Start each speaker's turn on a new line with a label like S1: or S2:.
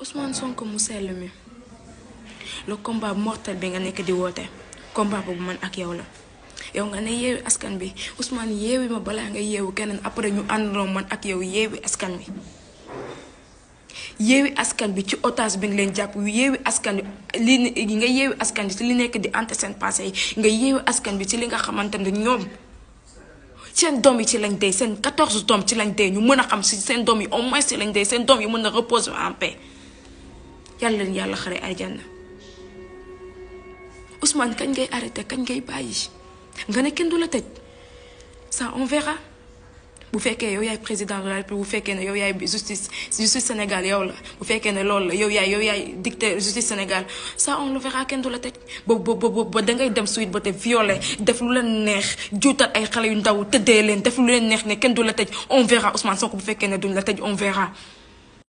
S1: Ousmane sonk mu sell mi le combat mortel bi nga nekk di woote combat boobu man ak yow la yow nga ne yeewi askan bi Ousmane yeewi ma balaa nga yeewu keneen après ñu àndandoo man ak yow yeewi askan bi yeewi askan bi ci otage bi nga leen jàpp yeewi askan bi li nga yeewi askan bi li nekk di ante seen passé yi nga yeewi askan bi ci li nga xamante ne ñoom seen doom yi ci lañ dee seen 14 doom ci lañ dee ñu mën a xam si seen doom yi au moins ci lañ dee seen doom yi mën a reposer en yàlla leen yàlla xare àjjana Ousmane kañ ngay arrêté kañ ngay bàyyi nga ne kenn du la tëj ça on verra bu fekkee yow yaay président de la république bu fekkee ne yow yaay justice justice Sénégal yow la bu fekkee ne loolu la yow yaay yow yaay dictateur justice Sénégal ça on le kenn du la tëj ba ba ba dangay dem suite ba te violé def lu leen neex juutal ay xale yu ndaw tëddee leen def lu leen neex ne kenn du la tëj on verra Ousmane Sonko bu fekkee ne duñ la tëj on verra.